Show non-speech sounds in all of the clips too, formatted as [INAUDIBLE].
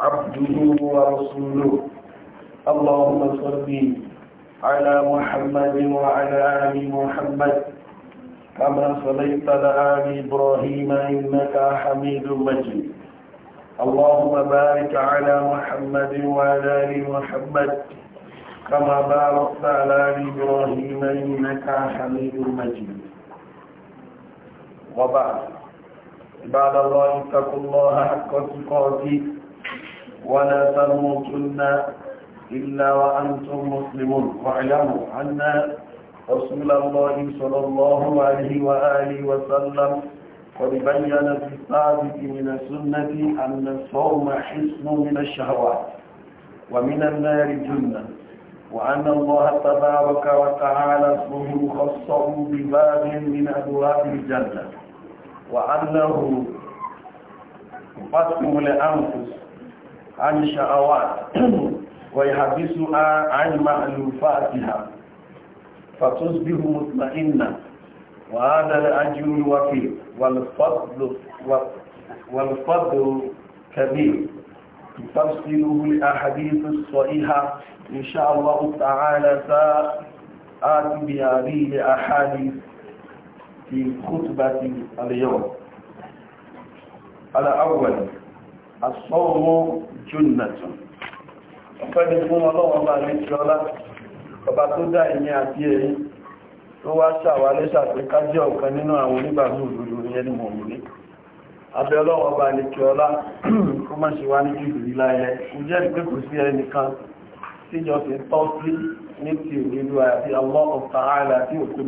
عبده ورسوله اللهم صل على محمد وعلى آل محمد كما صليت على آل إبراهيم إنك حميد مجيد اللهم بارك على محمد وعلى آل محمد كما باركت على آل إبراهيم إنك حميد مجيد وبعد عباد الله اتقوا الله حق تقاته ولا تموتن إلا وأنتم مسلمون واعلموا أن رسول الله صلى الله عليه وآله وسلم قد بين في الثابت من السنة أن الصوم حسن من الشهوات ومن النار جنة وأن الله تبارك وتعالى اسمه خصه بباب من أبواب الجنة وأنه فتح لأنفس عن الشهوات [CLEARS THROAT] ويحبسها عن مألوفاتها فتصبح مطمئنة وهذا الأجر الوفير والفضل والفضل كبير تفصله الأحاديث الصحيحة إن شاء الله تعالى سآتي بهذه الأحاديث في خطبة اليوم الأول asọ́wọ́ jùnàtàn ọ̀fẹ́ni fún ọlọ́wọ́n bá ní tí ọlá ọba tó dá ìyẹn àti ẹ̀yìn tó wá sàwà lẹ́sà pé ká jẹ́ ọ̀kan nínú àwọn onígbàgbọ́ òdodo ìyẹn ni mọ̀ ní abẹ́ ọlọ́wọ́n bá ní tí ọlá kó má ṣe wá ní jùlù ìlà ẹ̀ kò jẹ́ pé kò sí ẹnìkan tíjọ fi tọ́ sí ní ti òdodo àti Allah ta'ala tí òkú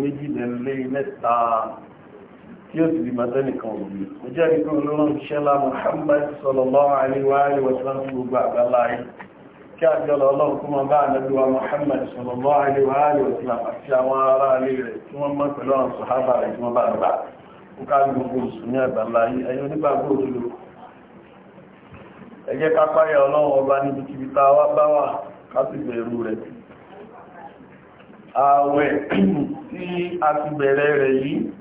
tí ó sì bímọ tẹ́nìkan òbí mo jẹ́rìí pé olóòrùn ṣẹlá Muhammad sallallahu alaihi wa alihi wa sallam tí gbogbo àgbàlá yìí kí àjọlọ ọlọ́run kó máa bá ànábíwa Muhammad sallallahu alaihi wa alihi wa sallam àti àwọn ará ilé rẹ̀ tí wọ́n mọ́ pẹ̀lú àwọn sàhábà rẹ̀ tí wọ́n bá gbà ó ká gbogbo mùsùlùmí àgbàlá yìí ẹ̀yin onígbàgbọ́ òdodo ẹ jẹ́ ọlọ́run ọba níbi kíbi tá a wá bá wà ká sì bẹ̀rù rẹ̀ ààwẹ̀ [CLEARS THROAT] tí a ti bẹ̀rẹ̀ rẹ̀ yìí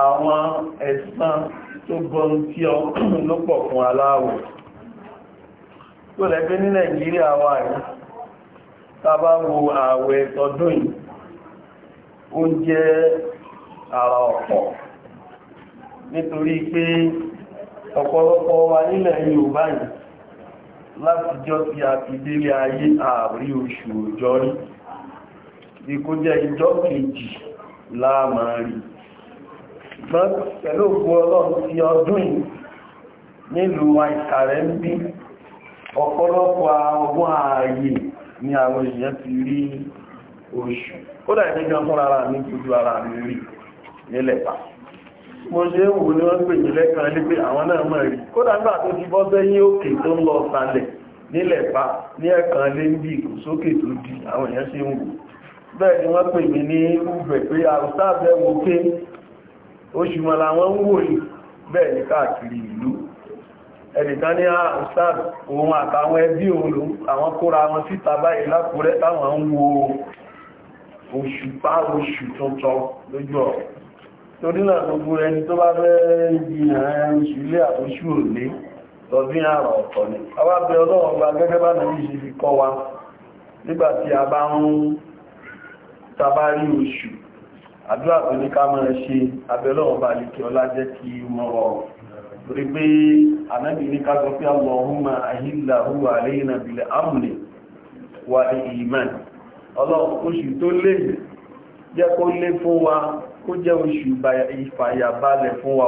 àwọn ẹ̀san tó gbọ́n tí ọ lọ́pọ̀ [CLEARS THROAT] fún aláwọ̀ tó lẹ́gbẹ́ ní nàìjíríà wà ní tàbá wo ààwẹ̀ tọdún yìí ó jẹ́ àrà ọ̀pọ̀ nítorí pé ọ̀pọ̀lọpọ̀ wa nílẹ̀ Yorùbá yìí láti jọ́ ti àti délé ayé ààrí oṣù òjọ́ rí ìjọ́ kejì láàmà ṣùgbọ́n pẹ̀lú òkú ọlọ́run ti ọdún yìí nílùú àìsàrẹ́ ń bí ọ̀pọ̀lọpọ̀ ọgbọ́n ààyè ni àwọn èèyàn ti rí oṣù ó dà ìdíjọ fún ara mi gbogbo ara mi rí nílẹ̀pá mo ṣe ń wò ní wọ́n pè nílẹ̀ kan ní pé àwọn náà mọ̀ rí kódà nígbà tó ti bọ́ sẹ́yìn òkè tó ń lọ sálẹ̀ nílẹ̀pá ní ẹ̀kan lé ń bí ìkù sókè tó di àwọn èèyàn ṣe ń wò bẹ́ẹ̀ ni wọ́n pè mí ní ìrúfẹ̀ pé àrùsáàbẹ̀ pé oṣù mọ̀ làwọn ń wò ní bẹ́ẹ̀ ní káàkiri ìlú ẹnìkan ní àṣàd ah, òun àtàwọn ẹbí òun àwọn kóra wọn síta báyìí lákúrẹ́ táwọn ń wo òṣùpá oṣù tuntun lójú ọ̀ torí náà gbogbo ẹni tó bá fẹ́ jìyàn oṣù a wá bẹ ọlọ́run gba gẹ́gẹ́ bá nàbí ṣe fi kọ́ wa nígbàtí a bá ń tabárí àdúrà tó ká ṣe abẹ́lọ́wọ́ bá ọlá jẹ́ kí mọ́ rọrùn pé ànábì ní ká sọ amni wa iman ọlọ́run oṣù tó lè jẹ́ kó lé fún wa kó jẹ́ oṣù ìfàyàbalẹ̀ fún wa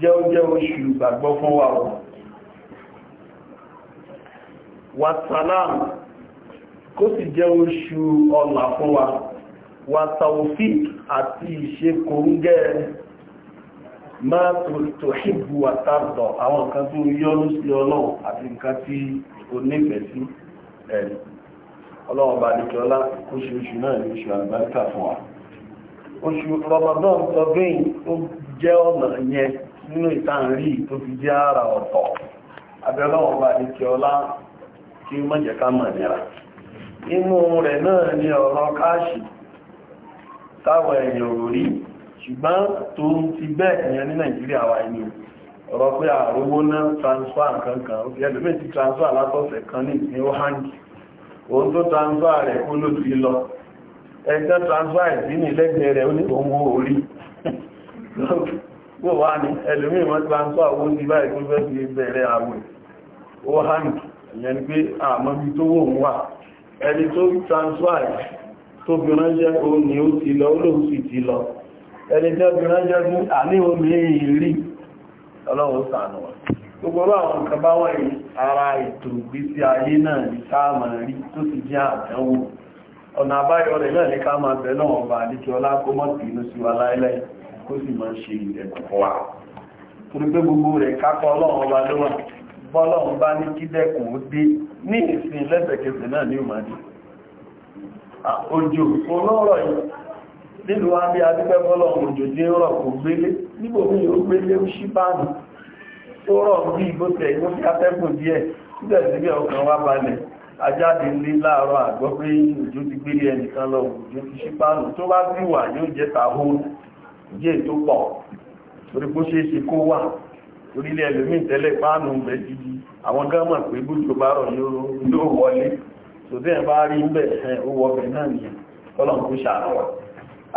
jẹ́ ó jẹ́ oṣù fún wa wàtàwòfí àti ìṣe kòrúngẹ́ máa tó ṣíbù àtàrọ̀ àwọn nǹkan tó yọ́nú sí ọlọ́run àti nǹkan tí ó nífẹ̀ẹ́ sí ẹ̀rì ọlọ́run bá ní kíọ́lá oṣooṣù náà ní oṣù àgbáríkà fún wa oṣù Ramadan lọ́gbìn tó jẹ́ ọ̀nà yẹn nínú ìtànrí tó fi jẹ́ ara ọ̀tọ̀ abẹ́lọ́run bá ní kíọ́lá kí mọ́jẹ̀ká mọ̀ nira inú rẹ̀ náà ni ọ̀rọ̀ káàṣì táwọn èèyàn ò rí ṣùgbọ́n tó ń ti bẹ́ èèyàn ní nàìjíríà wà ní ọ̀rọ̀ pé àrówó transfer nǹkan kan ó fi ti transfer látọ̀sẹ̀ kan ní ìpín ó hangi tó transfer rẹ̀ kó ló ti lọ ẹgbẹ́ transfer ìdínì ní rí ní transfer pé àmọ́bí tó wò ń wà ẹni tó bí òun ni ó ti lọ olóhun sì ti lọ ẹni tó bí ránṣẹ́ fún àníhun ní ìrí ọlọ́run sànù gbogbo àwọn ara ètò ìgbésí ayé náà ní káàmà rí tó sì jẹ́ àdánwò ọ̀nà àbáyọ rẹ̀ náà ní káàmà bẹ̀ náà ọba àdíkẹ́ ọlá gbogbo ní ìsìn lẹ́sẹ̀kẹsẹ̀ náà ní òjò olóòrọ̀ yìí nílùú wá bí adúgbẹ́ bọ́lọ̀ òjò dé rọ̀ kò gbélé nígbò mí ó gbélé ó ṣí báàmù tó rọ̀ bí ìbò tẹ̀ ìbò fi atẹ́kùn díẹ̀ ọkàn wá balẹ̀ ajáde ní láàárọ̀ àgbọ́ pé òjò ti gbélé ẹnìkan lọ òjò ti ṣí tó bá wà yóò jẹ́ tó pọ̀ tó tẹ́ bá rí ń bẹ̀ ẹ̀ ó wọ́ náà nìyẹn tọ́lọ̀ kó ṣàrọ̀wà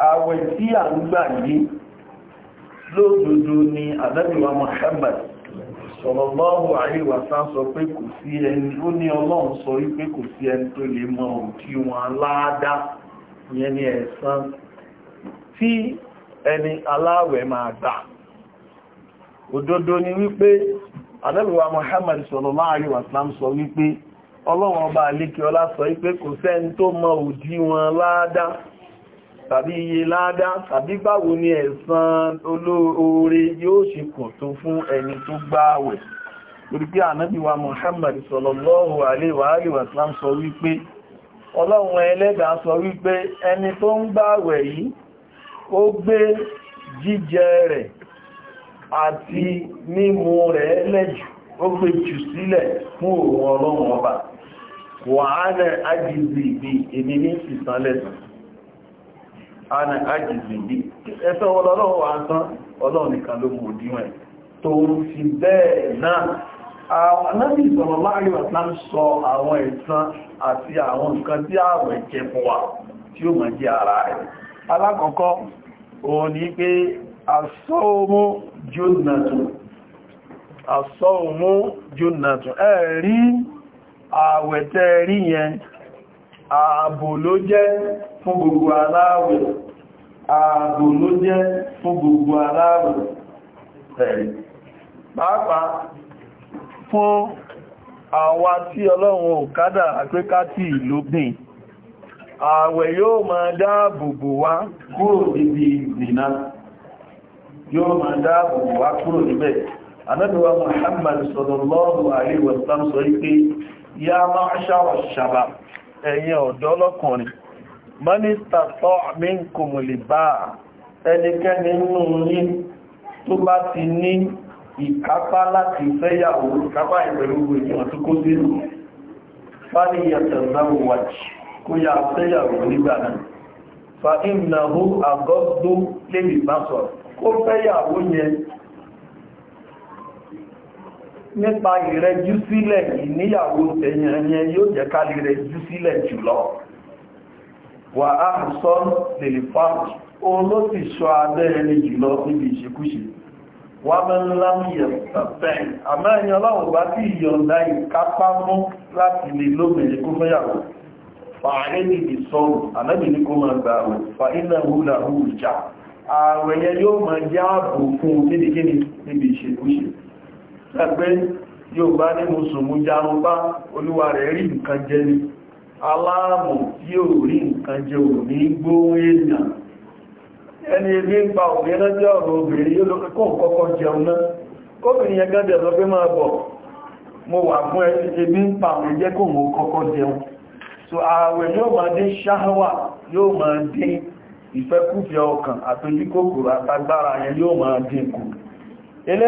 àwẹ̀ tí ń gbà ni àdábìwà Muhammad sallallahu alaihi wasallam sọ pé kò sí ẹni ó ní sọ wípé kò sí ẹni tó lè mọ òkí wọn aláàdá ni tí ẹni aláwẹ̀ máa gbà ni wípé ọlọ́run ọba àlékè ọlá sọ wípé kò sẹ́ni tó mọ òdiwọ̀n láádá tàbí iye láádá tàbí báwo ni ẹ̀san olóore yóò ṣe kùn tó fún ẹni tó gbáwẹ̀ torí pé ànábì wa Muhammad sallallahu alaihi wa sallam sọ wípé ọlọ́run ẹlẹ́dàá sọ wípé ẹni tó ń gbáwẹ̀ yìí ó gbé jíjẹ rẹ̀ àti mímu rẹ̀ lẹ́jù ó gbé jù sílẹ̀ fún òun ọlọ́run ọba wàhálẹ̀ ajízi bí èmi ní ìsàn lẹ́sàn ana ajízi bí ẹ̀sọ́ ọlọ́rọ̀ wà tán nìkan ló mú òdíwọ̀n tó fi bẹ́ẹ̀ náà anábì ìsọ̀rọ̀ láàrin wàtán sọ àwọn ẹ̀san ara àwẹ̀tẹ́ rí yẹn ààbò ló jẹ́ fún gbogbo aláàwẹ̀ ààbò ló jẹ́ fún gbogbo aláàwẹ̀ pàápàá fún tí ọlọ́run ò kádàrá pé ààwẹ̀ yóò ma dáàbòbò wá kúrò níbi ìdìnà yóò ma dáàbòbò wá kúrò níbẹ̀ anábíwá ya ma'ṣara shabab ẹ̀yin ọ̀dọ́ lọ́kùnrin mọ́nísítà tọ́ àmínkùnmùlì bá ẹnikẹ́ni nínú yín tó bá ti ní ìkápá láti fẹ́yàwó ìkápá ìpẹ̀lú ènìyàn tó kó sí fáni yàtàzáwòwàjì kó yà fẹ́yàwó nípa ìrẹjú sílẹ̀ ìníyàwó tẹ̀yàn yẹn yóò jẹ́ ká lè rẹjú sílẹ̀ jùlọ wà á sọ lèlè fáàkì òun ló ti ṣọ́ abẹ́ ẹni jùlọ níbi ìṣekúṣe wà mẹ́lá yẹ̀sàtẹ̀ àmọ́ ẹni ọlọ́run bá tí ìyọ̀ǹda ìkápá mú láti lè lóbìnrin kó fẹ́yàwó fàárẹ́ nìdí sọ́rọ̀ ànábì ní kó máa gbà rẹ̀ fà iná húlà húlù jà ààrẹ yóò máa jẹ́ ààbò fún un níbi ìṣekúṣe ṣẹ́gbẹ́ yóò bá ní mùsùlùmú jarunpá olúwa rẹ̀ rí nǹkan jẹ ni aláàmù yóò rí nǹkan jẹ ò ní èèyàn ẹni ebi ń pa je jẹ́ ọ̀rọ̀ obìnrin ebi so ìfẹ́kúfẹ́ ọkàn àtòjíkòkòrò àtagbára yẹn yóò máa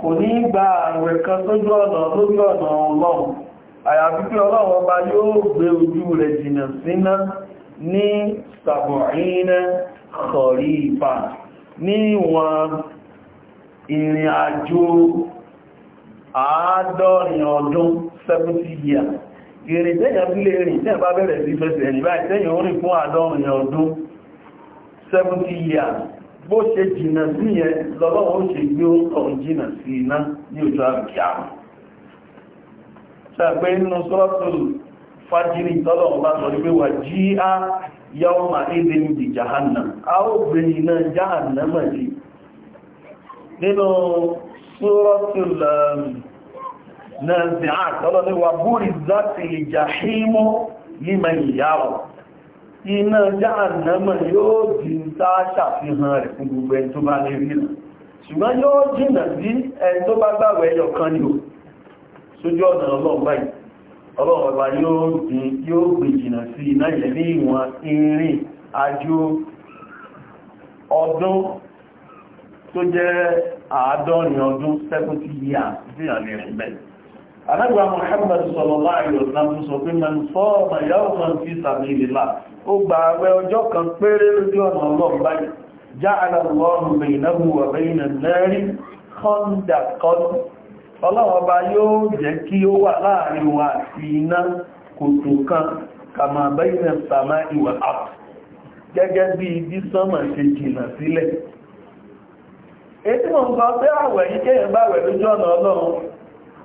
kò ní gba àwẹ̀ kan sójú ọ̀nà lórí ọ̀nà ọlọ́run àyàfi pé ọlọ́run ọba yóò gbé ojú rẹ̀ jìnà síná ní sàbọ̀rínà kọ̀rí ìpà ní ìwọ̀n ìrìn àjò àádọ́rin ọdún 70 years ìrìn tẹ́yàn bí lè rìn tẹ́yàn bá bẹ̀rẹ̀ sí fẹ́sẹ̀ ẹ̀yìn báyìí fún àádọ́rin ọdún 70 years bó ṣe jìnà sí yẹn lọ́lọ́wọ́ ó ṣe gbé ọ̀rọ̀ jìnà sí iná ní ojú àbíkí àrùn ṣàgbé nínú sọ́ọ̀tù fàjírí tọ́lọ̀ ọba sọ pé wà jí á yọ́ ma èdè níbi jahanna a ó gbé iná jahanna iná jáàdánmà yóò di ń tá ṣàfihàn rẹ̀ fún gbogbo ẹni tó bá lè rí nà ṣùgbọ́n yóò jìnà sí ẹni tó bá gbàwẹ̀ ẹyọ kan ni ó sójú ọ̀nà ọlọ́run báyìí ọlọ́run ọba yóò gbé jìnà sí iná ilẹ̀ ní ìwọ̀n irin àjò ọdún tó jẹ́ àádọ́rin ọdún 70 years sí ìyànlẹ̀ ìrìnbẹ̀rẹ̀ alágbà Muhammad sallallahu alaihi wasallam sọ pé man sọ́ọ̀mà yawman fi sabilillah ó gba àwẹ̀ ọjọ́ kan péré lójú ọ̀nà ọlọ́run báyìí ja'ala Allahu bainahu wa bayna an-nari khandaqan ọlọ́wọ́ bá yóò jẹ́ kí ó wà láàrin wa àti iná kòtò kan kàmà ètí mọ̀ nǹkan pé àwẹ̀ yíkẹ́yẹ̀ bá lójú ọ̀nà ọlọ́run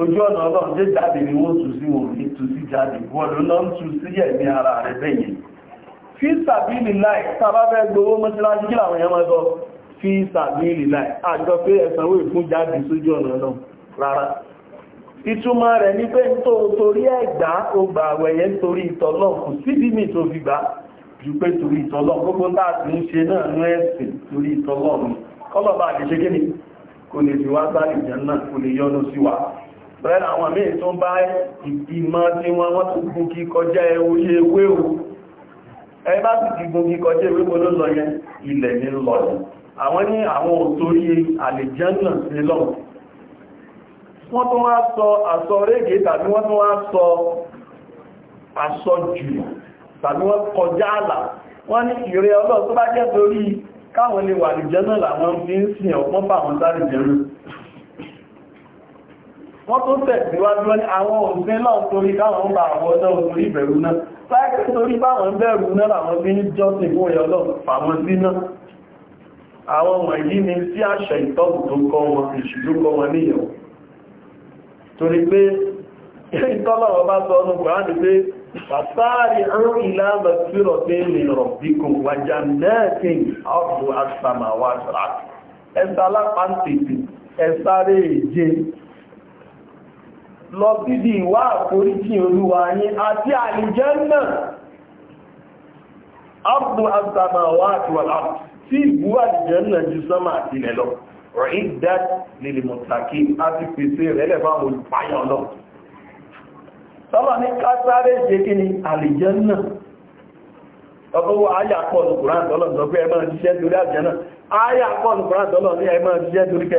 ojú ọ̀nà ọlọ́run jẹ́ jáde ni wọ́n tù sí wọn ní tù sí jáde wọ́n ló ń tù sí ẹ̀mí ara rẹ̀ bẹ́yìn fi sàbílì láì tàbá fẹ́ gbowó mọ́sílájú kí làwọn ẹmọ ẹgbọ́ fi sàbílì láì àjọ pé ẹ̀sànwó ìfún jáde sójú ọ̀nà náà rárá ìtumọ̀ rẹ̀ ní pé tó torí ẹ̀gbá ogbà àwẹ̀yẹ torí ìtọ́lọ́ kò síbi mi tó fi gbà ju pé torí ìtọ́lọ́ gbogbo láti ń ṣe náà ní ẹ̀sìn torí ìtọ́lọ́ mi kọ́lọ̀ bá àdìṣe kí ni kò lè fi wá sáré jẹ́ náà kò lè yọ́nú sí wa bẹ́ẹ̀ àwọn míì tó bá ìmọ̀ tí wọ́n wọ́n tó gún kí kọjá orí ewé o ẹ bá sì ti gún kí kọjá ewé kó ló lọ yẹn ilẹ̀ ní lọ àwọn ní àwọn òtórí àlèjánà sí lọ wọ́n tó wá sọ àsọ rége tàbí wọ́n tó wá sọ àsọ jù tàbí wọ́n kọjá àlà wọ́n ní ìrẹ́ ọlọ́ tó bá jẹ́ torí káwọn lè wà àlèjánà làwọn fi ń sìn ọ̀pọ̀ bá àwọn sáré wọ́n tó tẹ̀síwájú ní àwọn òṣìṣẹ́ náà torí káwọn bá àwọn ọjọ́ orí ìbẹ̀rù náà sáàkì torí báwọn bẹ̀rù náà làwọn bí ní jọ́sìn fún ẹ̀yọ́ lọ fàwọn sí náà àwọn wọ̀nyí ni sí àṣẹ ìtọ́bù tó kọ́ wọn ìṣìlú kọ́ wọn níyàwó torí pé ìtọ́lọ̀wọ́ bá sọ ọ́nà kòránì pé fàtàrí àrùn ìlàmà fírọ̀ tí lè rọ̀ bí kò wájá mẹ́ẹ̀kìn ọ̀pọ̀ àṣàmà wáṣàrà ẹ̀sà lápá ń tètè ẹ̀sáré èje lọ síbi ìwá àforíjì olúwa yín àti àlìjẹ́nnà abdu asama wa tiwala tí ìbú àlìjẹ́nnà ju sánmà àtìlẹ̀ lọ riddat lil muttaqin àti pèsè rẹ̀ lẹ́fà olùpáyọ̀ lọ sọ́lọ́ ní kásáré ṣe kí ni àlìjẹ́nnà ọgbọ́wọ́ ayàkọ́lù kùrán tọ́lọ̀ ní ọgbẹ́ ẹmọ́ ṣiṣẹ́ torí àjẹ́ náà ayàkọ́lù kùrán tọ́lọ̀ ní ẹmọ́ ṣiṣẹ́ torí kẹ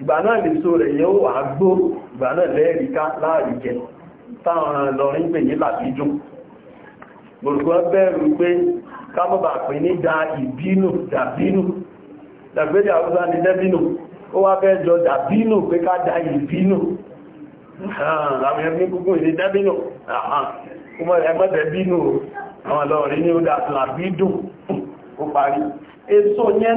ìgbà náà lè so rẹ̀ yóò wà gbó ìgbà náà lẹ́ẹ̀ríká láàrin jẹ táwọn lọrin pè ní làbídún gbogbo bẹ̀rù pé kábọ̀bà pè ní da ìbínú dàbínú dàgbéjà ọ̀sá ni dẹ́bínú ó wá fẹ́ jọ dàbínú pé ká da ìbínú àwọn ẹ̀mí gbogbo ìdí dẹ́bínú ẹmọ́dẹ̀bínú àwọn lọrin ní ó dà làbídún ó parí èso yẹn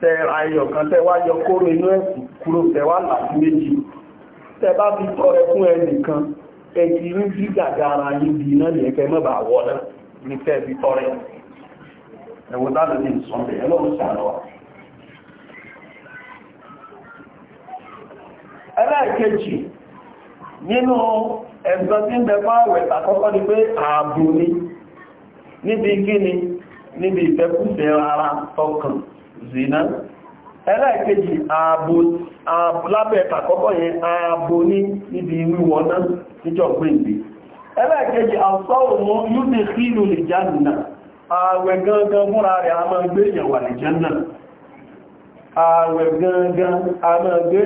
tẹ́ra ẹyọ kan tẹ́wá yọ kóró inú ẹ̀sùn kúrò tẹ́wá láti méjì tẹ́bá fi tọ́ ẹkún ẹnìkan ẹ̀kì rí sí gàgàrà yìí iná ní ẹ̀kẹ́ mọ́bà wọ́lá ní tẹ́bí tọ́rẹ ẹ̀wọ̀n dáadọ́ ní ìsọ́nbẹ̀ ẹlọ́run sàánọ́wà ẹlẹ́ẹ̀kejì nínú ẹ̀sọ́ tí ń bẹ̀fọ́ àwẹ̀ àkọ́kọ́ ni pé ààbò ni níbi kíni níbi ìfẹ́kùfẹ́ ara tọkàn zina ẹlẹ́ẹ̀kejì ààbò lábẹ́ àkọ́kọ́ yẹn ààbò ní níbi wíwọ̀ náà níjọ́ gbèǹdé ẹlẹ́ẹ̀kejì àṣọ́ọ̀mọ́ yúdì kílù lè ààwẹ̀ gangan múra rẹ̀ a máa gbé èèyàn wà lè jánà ààwẹ̀ gangan a máa gbé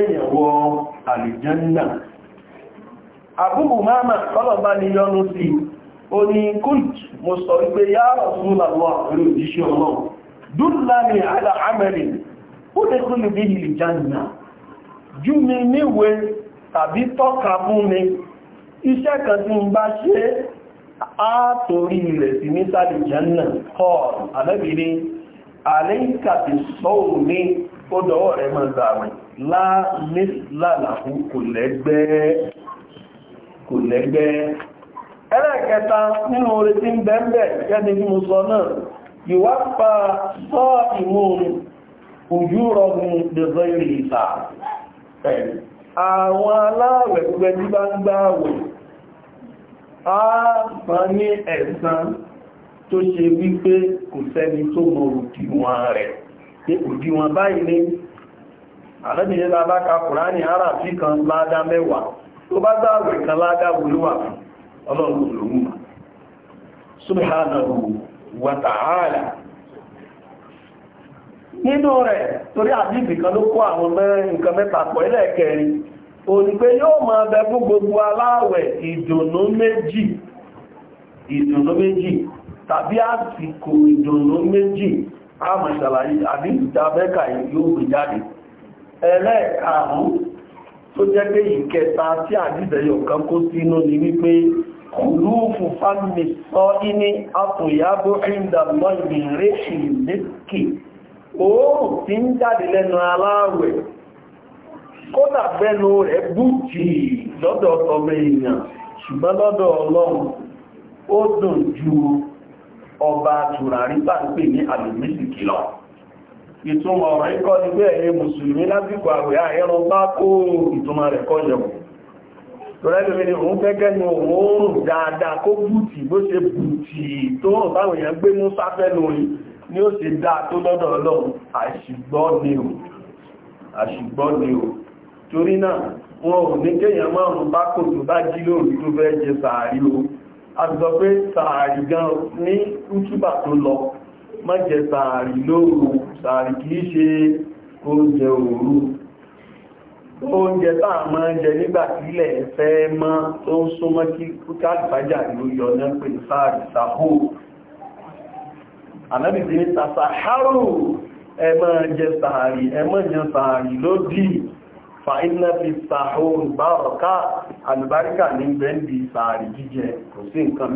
dúnláni aláàmẹ́rin ó lè kó lè bí ilẹ̀ jánà jú mi níwe tàbí tọ́ka fún mi iṣẹ́ kan tí ń bá ṣe átorí rẹ̀ sí ní sáàlì jánà kọ́ alẹ́bìnrin àlẹ́kàtì sọ́ọ̀ ní ó dọ́wọ́ rẹ̀ máa gbàwẹ̀ láàmìlàlàfú kò lẹ́gbẹ́ yíwápa sọ ìmúrù ojúrọ̀mù dẹ̀zọ́ ìrìn ìta àwọn aláwẹ̀ gbogbo bá ń a ní ẹ̀sán tó ṣe wípé kò sẹ́ni tó mọ̀ òdíwọ̀n rẹ̀ pé òdíwọ̀n báyìí ní àlẹ́bìnrin kùránì ara fi kan ládá mẹ́wàá tó bá dáwẹ̀ kan ládá wòlúwà ọlọ́run wa la nínú rẹ̀ torí àdíbì kan ló kó àwọn mẹ́rin nǹkan mẹ́ta pọ̀ ilẹ̀ kẹrin ònípe yóò máa bẹ fún gbogbo aláwẹ̀ ìdùnnú méjì ìdùnnú méjì tàbí àsìkò ìdùnnú méjì àmọ̀ àdíbì tàbẹ́kà yóò gbé jáde tó jẹ́ pé ìkẹta tí ni wípé kùlúfù fánmi sọ iní àtòyábó ìdàmọ́ ìbìnrẹ́ ìlékè oòrùn tí ń jáde lẹ́nu aláàwẹ̀ kódà bẹ́nu rẹ̀ bújì lọ́dọ̀ ọmọ èèyàn ṣùgbọ́n lọ́dọ̀ ọlọ́run ọba ní lọ ìtumọ̀ ọ̀rọ̀ ikọ́ ni bẹ́ẹ̀ ni mùsùlùmí àwẹ̀ bá kó ìtumọ̀ rẹ̀ tọ́lá lómi ni òun fẹ́gẹ́ ní òun dáadáa kó bùtì bó ṣe bùtì tó hàn táwọn èèyàn gbé mú sáfẹ́ lórí ní ó ṣe dáa tó lọ́dọ̀ ọlọ́run àṣìgbọ́ ni ò àṣìgbọ́ ni ò torí náà wọn ò ní kéèyàn márùn-ún bá kò tó bá jí lórí tó fẹ́ jẹ sàárì o a sọ pé oúnjẹ taa máa jẹ nígbàtílẹ̀ fẹ́ mọ́ tó ń súnmọ́ kí kúkà àgbájá ló yọ náà pè sáàrì sàhó ànábìsí ní tàṣàhárò ẹ máa jẹ sàárì ẹ jẹ sàárì fi àlùbáríkà ní bẹ́ndì sàárì jíjẹ kò sí nǹkan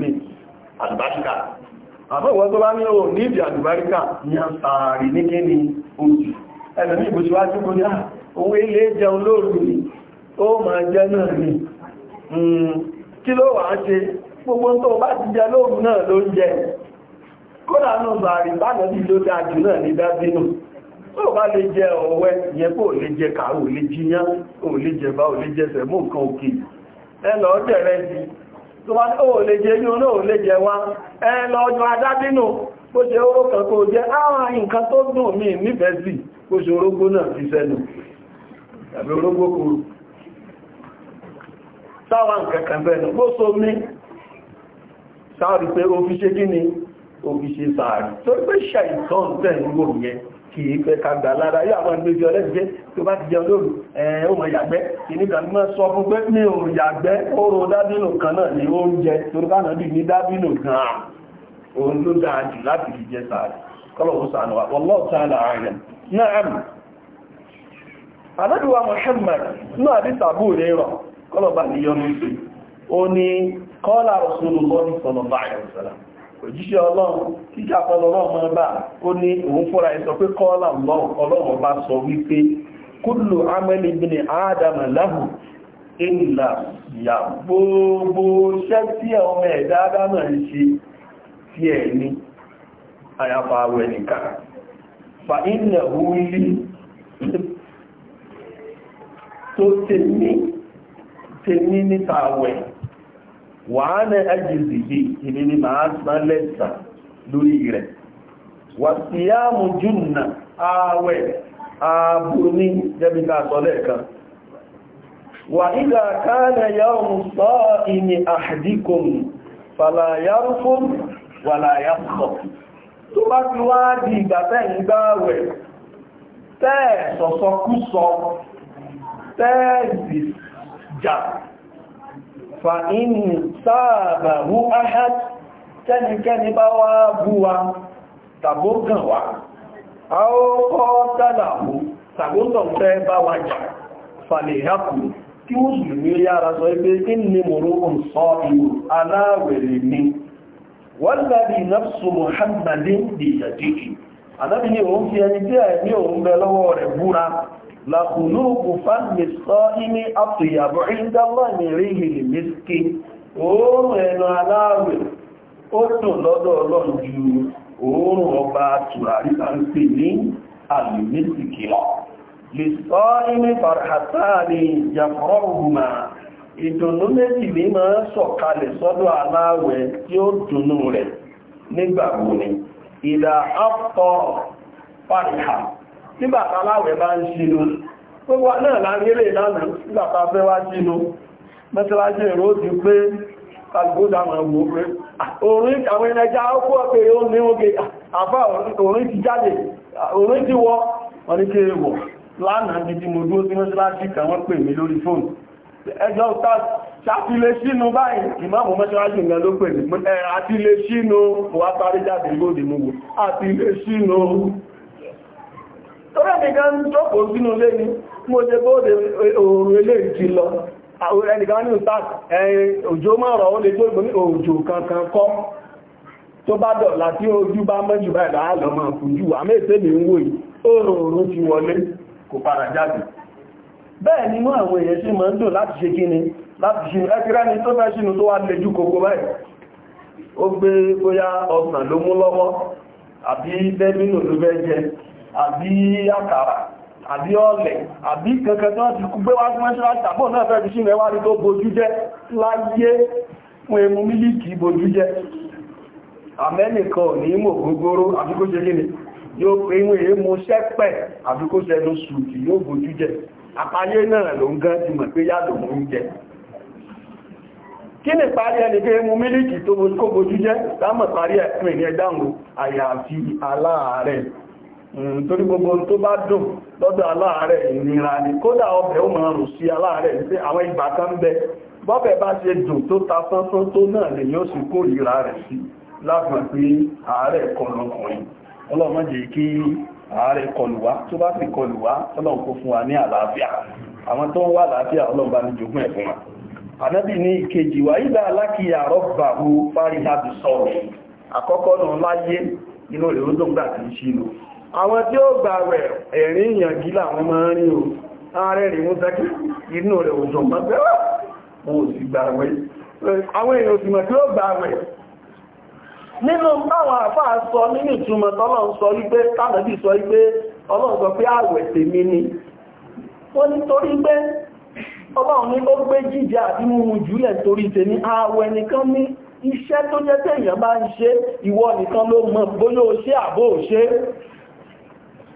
àlùbáríkà tó bá ní ò nídìí àlùbáríkà ní sàárì òun ilé jẹun lóòrùn o ó máa jẹ náà ni hmm, kí ló wà á ṣe gbogbo tó bá ti jẹ lóòrùn náà ló ń jẹ kódà náà bàárì bánà bí ló dájú náà ní dábínú tó bá lè jẹ ọ̀wẹ́ yẹn kó lè jẹ kàrò lè jiyán ò lè jẹ bá ò lè jẹ nǹkan òkè ẹlọ sí ó lè jẹ lè jẹ wá ẹlọ adábínú bó ṣe kó jẹ àwọn nǹkan tó dùn mí nífẹ̀ẹ́ sí bó ṣe orógbó náà fi tàbí orógbó kúrò sáwà nǹkankan bẹ́ẹ̀ lọ gbóso mi sáàrí pé o fi ṣe kí ni o fi ṣe sáàrí tó pé ṣàìtàn tẹ̀ ń wò yẹn kì í fẹ́ ká gbà lára yóò àwọn ìgbésí ọlẹ́gbẹ́ tó bá ti jẹun lóru ẹ̀ẹ́ òmò ìyàgbẹ́ ìníkà ní máa sọ fún pé ní òun ìyàgbẹ́ oòrùn dábínù kan náà ní anábíwa Muhammad náà àbí tàbí rẹ̀ rọ̀ kọlọ̀bá ní yọ nífẹ́ o ní kọ́lá Rasulullahi sallallahu alaihi wasallam òjíṣẹ́ ọlọ́run kíkà ọlọ́run bá ó ní òun fúnra ẹ̀ sọ pé kọ́lá ọlọ́run bá ìyà gbogbo ṣẹ́ tí ọmọ ẹ̀dá Ádámà ń ṣe tí ẹ̀ ní àyàfà àwẹ̀ nìkan fa innahu li tó tèmi tèmi níta àwẹ̀ wàá ní ẹjìzì yìí ìní ni màá san lẹ́sàn lórí rẹ̀ wà sí yáàmù júnà àwẹ̀ ààbò ní jẹ́bíkà sọ́lẹ̀ kan wà ìgbà kánà yàmù sọ ìní àdíkùn fàlàyárùfún wàlàyàpọ̀ tẹ́ẹ̀bì jà fa inú sáàbà ahad tẹ́nikẹ́ni bá wá bú wa tàbó a kí ó yára sọ pé nsọ iwu ala ń sọ ìwò aláwẹ̀rẹ̀ ni wọ́n lábí muhammadin dìyàjíkì anábi ni òun fi ẹni tí ẹ̀ ní òun bẹ lọ́wọ́ rẹ̀ làkùnlúùkù fáàmì sọ ní àtìyàbọ̀ ìdáwà ní ríhìlì mìsíkì oòrùn ẹnu aláàwẹ̀ ó dùn lọ́dọ̀ ọlọ́run ju oòrùn ọba tùràrí à ń pè ní àlùmísìkì lọ lè sọ ní farhatani yàfọ́rọ̀hùmà ìdùnnú ní máa sọ̀kalẹ̀ nígbàtà aláwẹ̀ bá ń ṣínú gbogbo náà lárílẹ̀ ìlànà nígbàtà fẹ́ wá ṣínú mẹ́sàlájì èrò ti pé kàgbódà wọn wò pé orin àwọn ẹnẹjá ọkọ̀ ọ̀pẹ̀ ó ní oge àbá orin ti jáde orin ti wọ́ wọn ní kí ewọ̀ lánàá bí ti mo dúró sí mẹ́sàlájì kan wọ́n pè mí lórí fóònù ẹjọ́ ṣàfilé sínú báyìí ìmáàmù mẹ́ṣọ́rájì ìgbà ló pè ní àti lè sínú wà parí jáde ìgbòdì mú wò àti lè sínú tọ́rọ nìkan jọ́pọ̀ sínú lé ní mo jẹ bóòdè oòrùn ilé ìjì lọ ẹnìkan ní ìtàk ẹ̀yìn òjò mọ́rọ̀ ó lè tó ìgbóní òjò kankan kọ́ tó bá dọ̀ láti ojú bá mọ́jù báyìí láàlọ́ máa kù jù àmì ètẹ́ mi ń wò yìí oòrùn ti wọlé kò padà jáde bẹ́ẹ̀ ni mú àwọn àbí dẹ́mínù ló fẹ́ jẹ àbí àkàrà àbí ọlẹ̀ àbí kankan tí wọ́n ti gbé wá náà fẹ́ fi ṣílẹ̀ ní tó bojú jẹ́ láyé fún emu mílíkì bojú jẹ́ amẹ́nìkan ní àbí kó ṣe yóò pé inú èémú sẹ́pẹ̀ àbí kó ṣe ẹnu sùúkì yóò bojú jẹ́ àpáyé náà ló ń gán ti mọ̀ pé yàdò mú ń jẹ ni parí pè ní ẹ̀dáhùn Mm, torí gbogbo tó bá dùn lọ́dọ̀ aláàárẹ̀ ìnira ni kódà ọbẹ̀ ó máa rò sí aláàárẹ̀ ní pé àwọn ìgbà kan bẹ bọ́bẹ̀ bá ṣe dùn tó ta sánsán tó náà lè yóò sì kó ìra rẹ̀ sí lágbà pé àárẹ̀ kọlù ọkùnrin ọlọ́mọ tó bá sì wa ní àlàáfíà àwọn tó ń wá àlàáfíà ọlọ́run bá ní jogún ẹ̀ fún wa ànábì ní ìkejì wà ìdá alákìyà àwọn tí ó gbà rẹ̀ ẹ̀rin ìyàn gílà wọn máa rí o ààrẹ rí mú sẹ́kì inú rẹ̀ òjò mọ́gbẹ́wà wọn ah, ò sì gbà rẹ̀ àwọn èèyàn sì mọ̀ tí ó gbà rẹ̀ nínú báwọn àfáà sọ nínú ìtumọ̀ tọ́lọ́n sọ wípé tàbí sọ wípé ọlọ́run sọ pé ni wọ́n nítorí pé ọlọ́run ní ó gbé jíjẹ àti múmu jùlẹ̀ torí tèmi àwẹ̀ nìkan ní iṣẹ́ tó jẹ́ tẹ́yàn bá ń ṣe ìwọ nìkan ló mọ̀ bóyá ṣe àbó ṣe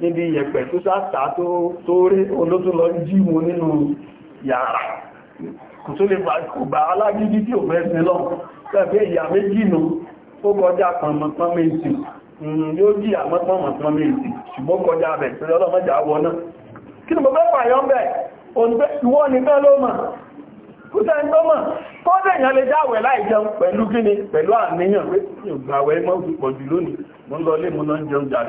níbi ìyẹ̀pẹ̀ tó sáàtà tó rí olótúlọ jíwo nínú yàrá kò tó lè gbà alágídí tí ò mẹ́sìn lọ pẹ̀fẹ́ ìyà méjì nù ó kọjá pọ̀mọ̀pọ̀ méjì yóò jí àmọ́pọ̀mọ̀pọ̀ méjì ṣùgbọ́n kọjá bẹ̀ pẹ̀lú ọlọ́mọjà wọ náà kí ni mo tó mọ̀ mọ́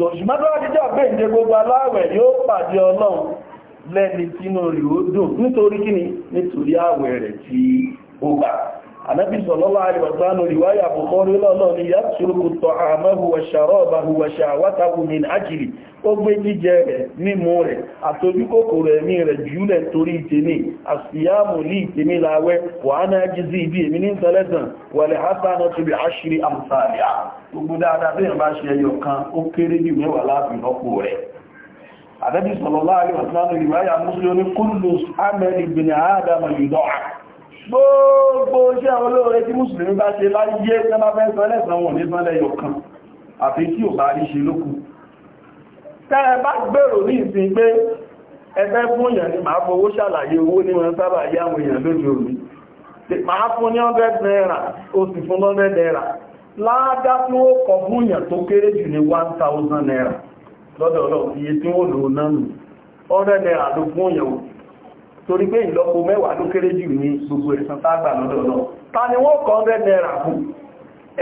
so ṣùgbọ́n tó wá jíjọ́ gbéǹde gbogbo aláwẹ̀ yóò pàdé ọlọ́run lẹ́ni tínú rí ó dùn nítorí kíni nítorí àwẹ̀ rẹ̀ tí ó gbà ànábì sọ̀lọ́lá àríwàtánù ríwáyà bùkọ́rí lọ́lọ́ ni yá ṣúrùkùtọ̀ àmọ́hù wàṣàrọ́bàhù wàṣàwátàhù min ajili ó gbé jíjẹ rẹ̀ mímú rẹ̀ àtòjúkòkò rẹ̀ ní rẹ̀ jùlẹ̀ torí ìtẹ́ni àṣìyàmù ní ìtẹ́ni láwẹ́ wà á náà jí sí ibi èmi ní sẹ́lẹ̀sàn wàlẹ̀ hasanu tó bí aṣírí àmsàlẹ̀ gbogbo dáadáa bí ìrìnbá ṣe ẹyọ kan ó kéré ní mẹ́wàá láàbì lọ́pò rẹ̀ àdẹ́bí sọ̀lọ́lá àríwàtánù ríwáyà amẹ́lì bìnà ádámà yìí gbogbo iṣẹ́ olóore tí mùsùlùmí bá ṣe láyé tẹ́ bá fẹ́ sọ lẹ́sàn wọn ní sọ́lẹ̀ yóò kan àfi tí ò bá rí ṣe lókù tẹ́ẹ̀ bá gbèrò ní ìsìn pé ẹgbẹ́ fún èèyàn ni máa fowó ṣàlàyé owó ní wọn sábà yá àwọn èèyàn lójú omi máa fún ní 100 naira ó sì fún 100 naira láàdá tí ó kọ fún èèyàn tó kéré jù torí pé ìlọ́po mẹ́wàá ló kéré jù ní gbogbo ẹ̀san tágbà lọ́dọ̀ lọ ta ni wọ́n kọ́ rẹ̀ náírà fún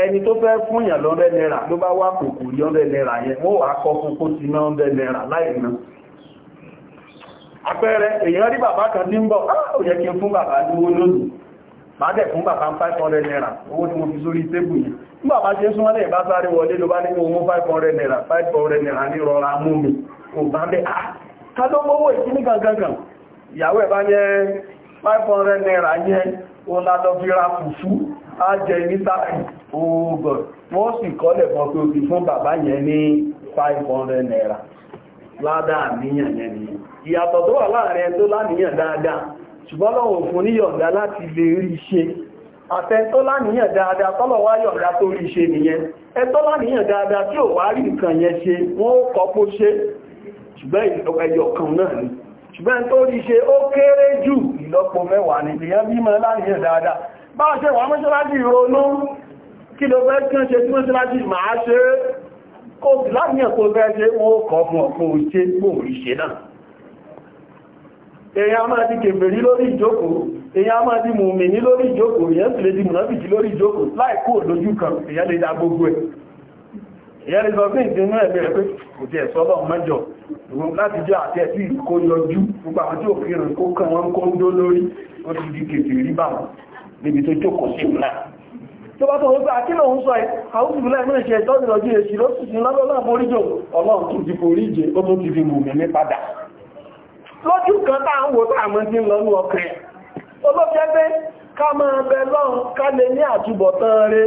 ẹni tó fẹ́ fún yàn lọ́rẹ́ náírà ló bá wá kòkò rí 100 naira yẹn wọ́n wà kọ́ fún kó ti ná láìná àpẹẹrẹ èèyàn rí bàbá kan bọ̀ ah, ó yẹ 500 naira owó mo fi sórí tébù ṣe súnmọ́ lẹ́yìn bá sáré 500 naira 500 naira ní rọra mú mi bá bẹ́ ká ah, ló ìyàwó ẹ̀bá yẹ 500 naira yẹ òun látọ́ fi ra fùfú á jẹ níta oògùn oh wọ́n sì kọ́lẹ̀ fún pé òbí fún bàbá yẹn ní 500 naira ládàá níyàn yẹn ni ìyàtọ̀ tó wà láàrin ẹ tó láníyàn dáadáa ṣùgbọ́n lọ́wọ́ fún níyọ̀ǹda láti lè rí ṣe àtẹ́ntọ́ láníyàn dáadáa tọ́lọ̀ wá yọ̀ǹda tó rí ṣe nìyẹn ẹ̀tọ́ láníyàn dáadáa tí ò wá rí nǹkan yẹn ṣe wọ́n ó kọ́ pó ṣe ṣùgbọ́n ẹ̀yọ̀kan náà ni ṣùgbọ́n tó rí ṣe ó kéré jù ìlọ́pọ̀ mẹ́wàá ní ìyẹn bímọ láàrin ẹ̀ dáadáa bá ṣe wà mọ́ṣáláṣí ìrònú kí ló fẹ́ kí ṣe tí mọ́ṣáláṣí máa ṣe kó láàrin kó fẹ́ ṣe wọ́n kọ́ fún ọ̀pọ̀ ìṣe gbòòrí di kèfèrí lórí ìjókòó èyàn máa di mùmìnì lórí ìjókòó èyàn sì ìyẹn lè sọ fún ìdínú ẹ̀mí rẹ̀ pé kò tí ẹ̀sọ́ lọ mẹ́jọ ìwọ̀n láti jẹ́ àti ẹ̀sí kó yọjú gbogbo àwọn tí ò fi rìn kó kàn wọ́n kó ń dó lórí ó ti di kèfì rí bà wọn níbi tó jókòó sí ìmúlá tó bá tó wípé akínà ń sọ ẹ̀ àwọn òṣìṣẹ́ lẹ́mí ìṣẹ́ ìtọ́jú lọ́jú èsì ló sì sin lọ́dọ́ náà foríjò ọlọ́run tún ti foríjì ó tó ti fi mù mí padà lójú kan táà ń wo táà mọ́ sí pé ká máa bẹ lọ́run ká lè ní àtúbọ̀tán rẹ̀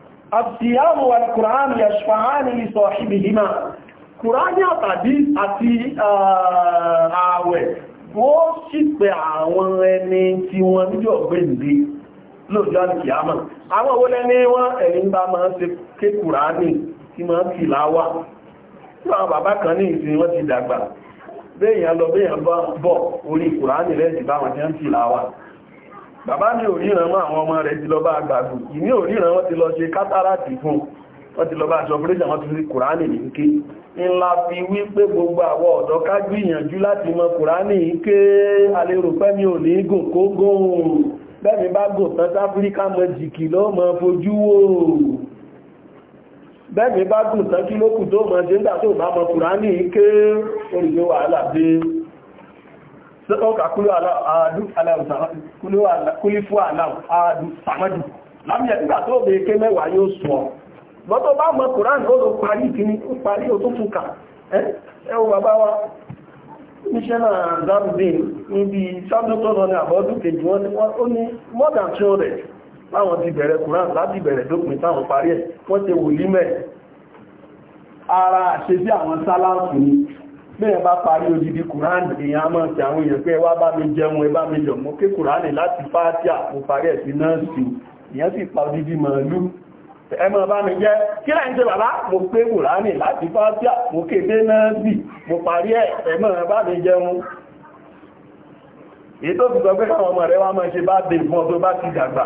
àtìyàmù wà kùránì yàṣfàánì ìsọ̀ ìbìhìmá kùránì àtàdí àti ah, ààwẹ̀ wọ́n sì pẹ àwọn ẹni tí wọ́n níjọ́ gbẹ̀ǹdé lóòjọ́ àtìyàmù àwọn owó lẹ́ni wọ́n ẹ̀yìn bá máa ṣe ké kùránì tí máa kì láwà tí àwọn bàbá kan ní ìsìn wọ́n ti dàgbà béèyàn lọ béèyàn bọ̀ orí kùránì rẹ̀ ti bá wọn tí wọ́n bàbá mi ò ríran mọ́ àwọn ọmọ rẹ̀ ti lọ bá àgbàgbò ìní ò ríran wọ́n ti lọ ṣe kátàràtì fún wọ́n ti lọ bá aṣọ pẹ́lẹ́sì àwọn ti fi kùránì ní ké ńlá fi wípé gbogbo àwọ ọ̀dọ́ ká gbìyànjú láti mọ kùránì ké alérùpẹ́ mi ò ní gùn kó gùn bẹ́ẹ̀mí bá gùn tán sáfíríkà mọ jìkì ló mọ tó ọkà kúlífú aláwọ̀ àádù sàmọ́dù lábíyà nígbà tó bèé ké mẹ́wàá yóò sọ lọ́tọ́ bá mọ̀ kùránì ó lọ parí ìkíní ó parí ó tó fúnkà ẹwọ bàbá wa míṣẹ́nà zambin níbi sábútọ́nà ní àbọ́dún kejì wọn ó ní more than children láwọn ti bẹ̀rẹ̀ kùránì láti bẹ̀rẹ̀ dópin táwọn parí ẹ̀ wọ́n ti wòlímẹ̀ ara àṣesí bẹ́ẹ̀ bá parí odidi kùránì èyàn mọ́ sí àwọn èèyàn pé wá bá mi jẹun ẹbá mi jọ mọ́ kí kùránì láti fàájì àpò parí ẹ̀ sí náà sí èyàn sì pa odidi màálù ẹmọ bá mi jẹ́ kí láì jẹ bàbá mo pé kùránì láti fàájì àpò kéde náà sí mo parí ẹ̀ ẹmọ bá mi jẹun èyí tó ti sọ pé káwọn ọmọ rẹ wá máa ṣe bá dé fún ọ tó bá ti dàgbà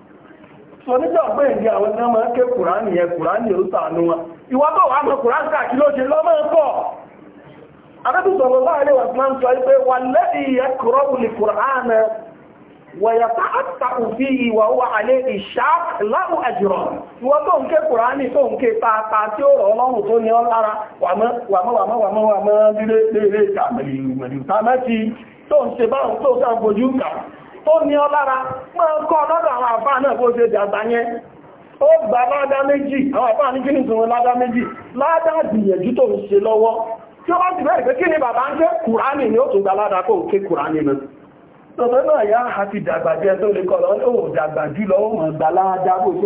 sọ nígbà pé ìdí àwọn ẹni máa ń kùránì yẹn kùránì ó sànú wọn ìwà tó wà mọ kùránì káàkiri láàrin wà ń sọ wà yẹ wùlì kùránì tá a ta òfin ìwà wà alẹ́ ìṣá láwù àjùrọ̀ ìwà tó ń ké kùránì tó ń ké tààtà tí ó rọ̀ ọlọ́run tó ní ọ tó ní ọ lára mọ́ ọkọ́ lọ́dọ̀ àwọn àbá náà bó ṣe dàgbà yẹn ó gbà ládá méjì àwọn àbá ní kí ní ìsinmi ládá méjì ládá gbìyànjú tó ń ṣe lọ́wọ́ tí ó bá ti bẹ̀rẹ̀ pé kí ni bàbá ń ké kùránì ni ó tún gbà ládá kó ké kùránì náà tọ́tọ́ náà yá àti dàgbà jẹ́ tó lè kọ̀lọ́ ó dàgbà jù lọ́wọ́ mọ̀ gbà ládá bó ṣe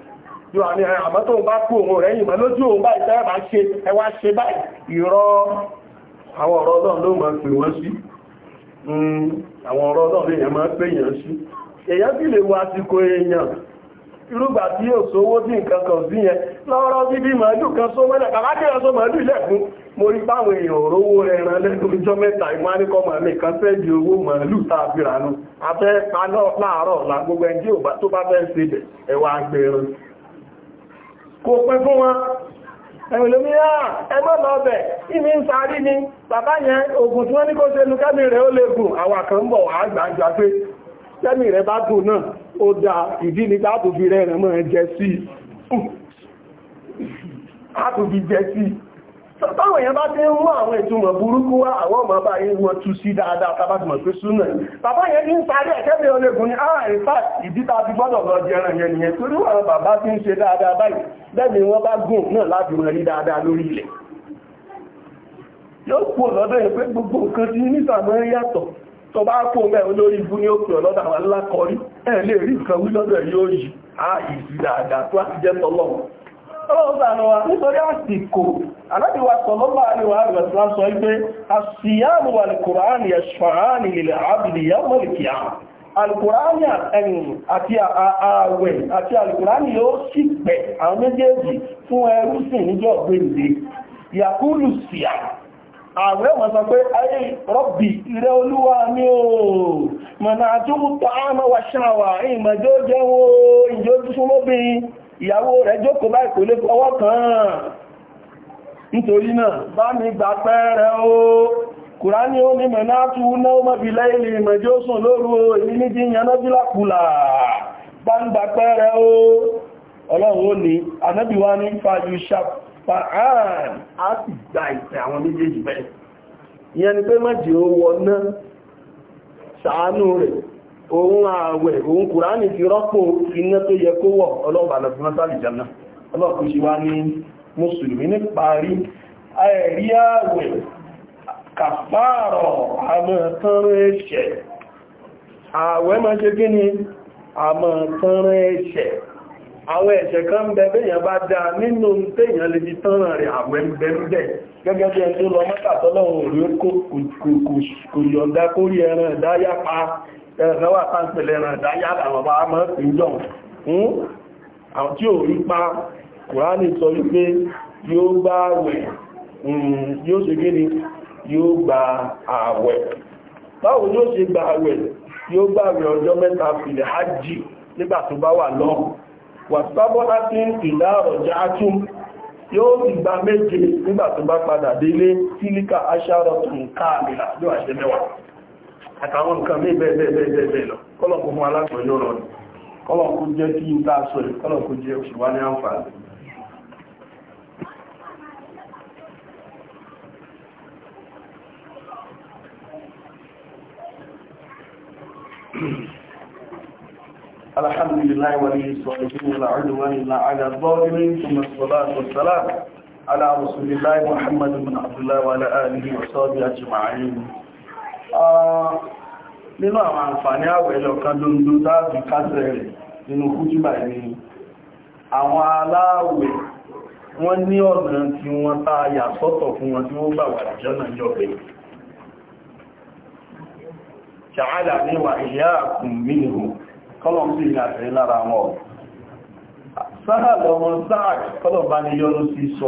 yóò àmì eh, àmọ́ tó bá kú òun rẹ̀ yìnbọn lójú òun báyìí tẹ́rẹ bá ṣe ẹwà ṣe báyìí ìrọ́ àwọn ọ̀rọ̀ ọlọ́run ló máa pè wọ́n sí hmm, àwọn ọ̀rọ̀ ọlọ́run lèèyàn máa pè yàn sí èyàn lè wo àsìkò èèyàn irúgbà tí yóò sówó sí nǹkan kan sí yẹn lọ́rọ́ kan bàbá kí mo rí báwọn èèyàn kò pẹ́ fún wọn ẹ̀rùn lómi náà ah, ẹgbẹ́ lọ bẹ̀ ìmí ń sáré ní bàbá yẹn ogun tí wọ́n ní kó ṣe nu kẹ́mì rẹ̀ ó lè gùn àwà kan bọ̀ wà àgbàjá pé kẹ́mì rẹ̀ bá gùn náà ó dá ìdí ní tàbí rẹ̀ rẹ̀ mọ́ jẹ sí táwọn èèyàn bá ti ń mú àwọn ìtumọ̀ burúkú wá àwọn ọmọ bá yí wọn tú sí dáadáa tàbá ti mọ̀ pé súnà bàbá yẹn ti ń parí ẹ̀kẹ́bẹ̀ ológun ní àà ah, ìfà ìdíta ti gbọ́dọ̀ lọ jẹran yẹn nìyẹn torí àwọn bàbá ti ń ṣe dáadáa báyìí lẹ́ni wọ́n bá gùn náà láti mọ̀ rí dáadáa lórí ilẹ̀ yóò kú ọ̀lọ́dọ̀ yẹn pé gbogbo nǹkan ti nísàmọ́ yàtọ̀ tó bá kó mẹ́ olórí ibú ní òkè ọ̀lọ́dọ̀ àwọn alákọ̀ọ́rí ẹ̀ lè rí nǹkan wí lọ́dọ̀ yóò yìí á ọlọ́ọ̀sánúwà nítorí àsìkò aláàbíwà sọlọ́bà àríwá àríwá sọ wípé àṣìyàmùwà alìkùránì ẹ̀ṣfàánì ilẹ̀ àbìlì yàmọ̀lìkìá alìkùránì àti ààwẹ̀ àti alìkùránì yóò sì pẹ̀ àwọn méjèèjì fún ẹrú sì níjọ́ gbèǹde yàkúlù síà ààwẹ̀ wọ́n sọ pé ayé rọ́bì ìrẹ́ olúwa ní ooo mọ̀nà àtúmù tọ́ àmọ́ wàṣáwà ìmọ̀jọ́ jẹ́ wọ́n ìjọ́ ìyàwó rẹ̀ jókòó bá ìkòlé fọwọ́ kàn nítorí náà bá mi gbà pẹ́ẹ̀rẹ̀ o ní ó ní mẹ̀ná náà mọ́bí lẹ́yìn mẹ́jọ́ sùn lóru èyí ní bá ń gbà pẹ́ẹ̀rẹ̀ o ó ní gba òun ààwẹ̀ òun kùránì ti rọ́pò iná tó yẹ kó wọ̀ ọlọ́ọ̀bà lọ fún ọ́sàlì jẹ́nà ọlọ́ọ̀kú ṣe wá ní mùsùlùmí ní parí ẹ̀rí ààwẹ̀ kàfààrọ̀ àmọ̀tánrẹ́ ẹ̀ṣẹ̀ ààwẹ̀ máa ṣe kí ni àmọ̀tánrẹ́ ẹ̀ṣẹ̀ àwọn ẹ̀ṣẹ̀ kan bẹ bẹ́yàn bá dáa nínú tẹ́yàn lè fi tán rẹ̀ àwẹ̀ bẹ̀rẹ̀ gẹ́gẹ́ bí ẹni tó lọ mọ́tàtọ́lọ́run rí kò yọ̀ǹda kórí ẹran ìdáyà pa ẹ̀rẹ̀ wà sáńpẹ̀lẹ̀ ẹ̀rẹ̀ ìdáyà àwọn bá mọ́ ìjọ àwọn tí ò rí pa kùránì sọ wípé yóò gbà àwẹ̀ yóò ṣe gíní yóò gbà àwẹ̀ báwo yóò ṣe gbà àwẹ̀ yóò gbà àwẹ̀ ọjọ́ mẹ́ta fìlẹ̀ hajji nígbà tó bá wà lọ wàtàbọ́látín ìlà ọ̀já tún yóò ti gba méje nígbà tó bá padà délé sílíkà aṣáàrọ̀ tún káàmìlà ló àṣẹ mẹ́wàá àtàwọn nǹkan mí bẹ́ẹ̀bẹ́ẹ̀bẹ́ẹ̀ lọ kọ́lọ̀kún fún alágbẹ̀lú rọ̀ ní kọ́lọ̀kún jẹ́ kí n tàà sọ الحمد لله ولي الصالحين ولا عدوان الا على الظالمين ثم الصلاه والسلام على رسول الله محمد بن عبد الله وعلى اله وصحبه اجمعين Ah, nínú àwọn àǹfààní àwẹ̀ lọ́kan lóńdó dáàbì kásẹ̀ rẹ̀ nínú kújúbà ní àwọn aláàwẹ̀ wọ́n ní ọ̀nà tí wọ́n tá yà sọ́tọ̀ fún wọn tí wọ́n gbà wà jọ́nà jọ́pẹ̀ ṣàhádà ní wà ìyá àkùn mínú kọ́lọ̀ sí ìrìnàfẹ́ lára wọn sáà lọ́wọ́ sáà kọ́lọ̀ bá ní yọ́rọ́ sí sọ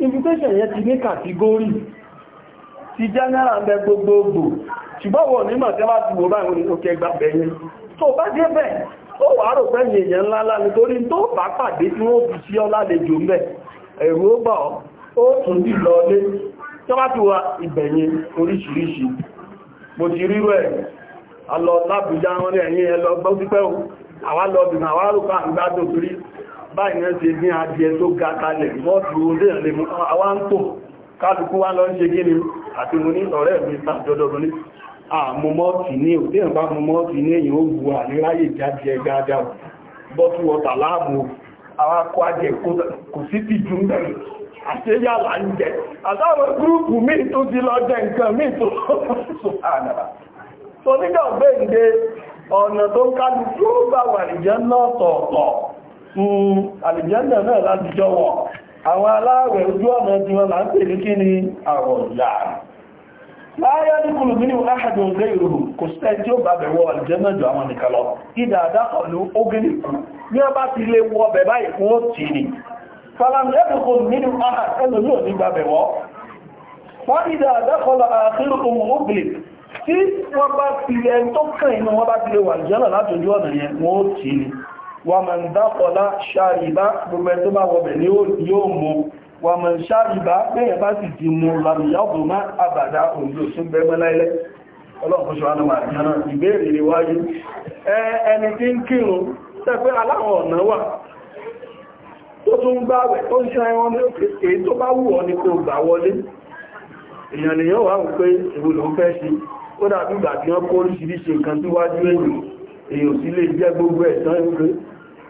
invitation yẹ ti ní kàtígórì ti general bẹ gbogbogbò ṣùgbọ́n wọ́n nímọ̀ tí wá ti wò báyìí òkè gbà bẹ̀yẹn tó bá dé bẹ̀ ó wà rò pé èèyàn ńláńlá nítorí tó bá pàdé tí wọ́n fi sí ọlá lè jò mẹ́ ẹ̀rù ó bà ó tún dì báyìí náà ṣe bí adìẹ tó ga kalẹ̀ mọ́tù orí lè mú àwa ń tò kálukú wá lọ ń ṣe gíní àti mo ní ọ̀rẹ́ mi sàjọdọ̀dọ̀ ní àmúmọ́tì ní òdí ẹ̀bá múmọ́tì ní èyàn ògbò àwọn [LAUGHS] àlìjẹ́ndẹ̀ náà láti jọwọ́ àwọn aláàwẹ̀ ojú ọ̀nà tí wọ́n là ń pè ní kí ni àrọ̀lá láyé ní kùlù mínú áhàdùn ọ̀gẹ́ ìrùhù kò sẹ́ tí ó bá bẹ̀wọ̀ àlìjẹ́ndẹ̀ jù àwọn nìkan lọ ìdà àdákọ̀lú ogini ní ọba ti lè wọ bẹ̀ báyìí fún ó tì ní falamẹ́bùkùn mínú áhàdùn wà mà ń dákọ̀lá ṣàrìbá gbogbo ẹ̀ tó bá wọ̀bẹ̀ ni yóò mú wà mà ń ṣàrìbá bẹ́yẹ̀ bá sì ti mú làmìyàbò má àbàdá òǹdó sún bẹ́mọ́ láìlẹ́ èèyàn lè yọ́ wà ń pé ìwòlò ń fẹ́ sí ó dàbí ìgbà tí wọ́n kó oríṣiríṣi nǹkan tí wájú èyí èyí ò sí lè jẹ́ gbogbo ẹ̀tàn ìwòlò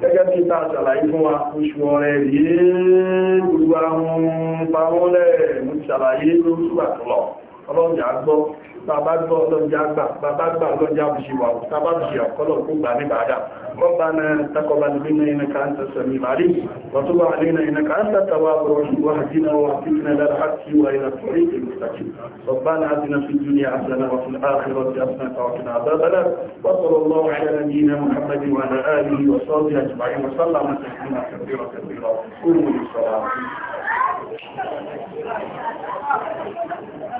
gẹ́gẹ́ bí bá ṣàlàyé fún wa oṣù ọ̀rẹ́ yìí gbogbo àwọn pàwọ́lẹ̀ mú ṣàlàyé lóṣù àtúlọ̀ ọlọ́jà gbọ́ bàbá gbọ́ ọlọ́jà gbà bàbá gbà ọlọ́jà bùṣìwà tàbá bùṣìwà kọ́lọ̀ kó gbà ní bàdà ربنا تقبل منا انك انت السميع العليم وتب علينا انك انت التواب الرحيم واهدنا واهدنا الى الحق والى الطريق المستقيم ربنا اتنا في الدنيا حسنه وفي الاخره حسنه وقنا عذاب النار وصلى الله على نبينا محمد وعلى اله وصحبه اجمعين وسلم تسليما كثيرا كثيرا قوموا للصلاه